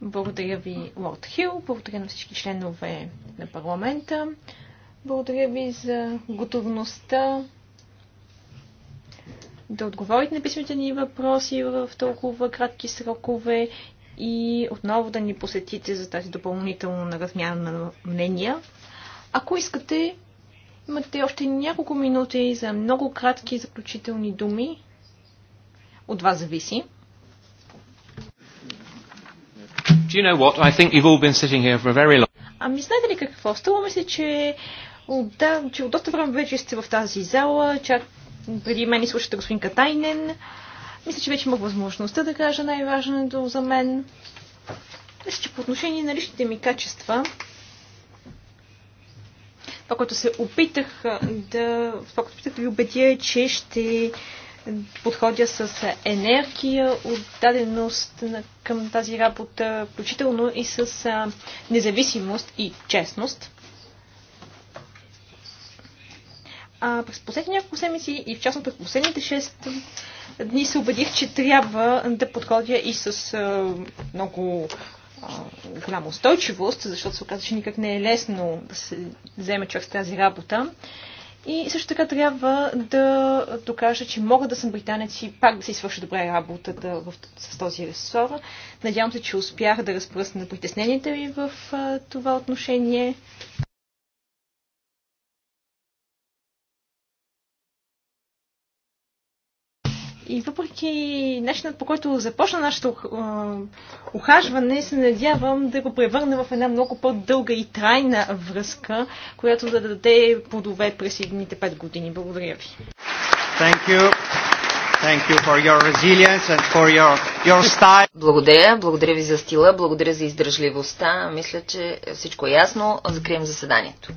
Благодаря ви, Лорд Хил. Благодаря на всички членове на парламента. Благодаря ви за готовността да отговорите на писмите ни въпроси в толкова кратки срокове и отново да ни посетите за тази допълнителна размяна на мнения. Ако искате, Имате още няколко минути за много кратки заключителни думи. От вас зависи. Do you know what? I think you've all been sitting here for a very long... Ами знаете ли какво? Става ми че от, да, че от доста време вече сте в тази зала, чак преди мен и слушате господин Катайнен. Мисля, че вече имах възможността да кажа най-важното за мен. Мисля, че по отношение на личните ми качества, това, което се опитах да, това, което опитах да ви убедя е, че ще подходя с енергия, отдаденост към тази работа, включително и с независимост и честност. А през последните няколко седмици и в частност през последните 6 дни се убедих, че трябва да подходя и с много голяма устойчивост, защото се оказа, че никак не е лесно да се вземе човек с тази работа. И също така трябва да докажа, че мога да съм британец и пак да се свърша добре работата в, с този ресор. Надявам се, че успях да разпръсна притесненията ви в а, това отношение. И въпреки начинът по който започна нашето ухажване, се надявам да го превърна в една много по-дълга и трайна връзка, която да даде плодове през едните пет години. Благодаря ви. Thank you. Thank you for your resilience and for your, your style. Благодаря, благодаря ви за стила, благодаря за издържливостта. Мисля, че всичко е ясно. Закрием заседанието.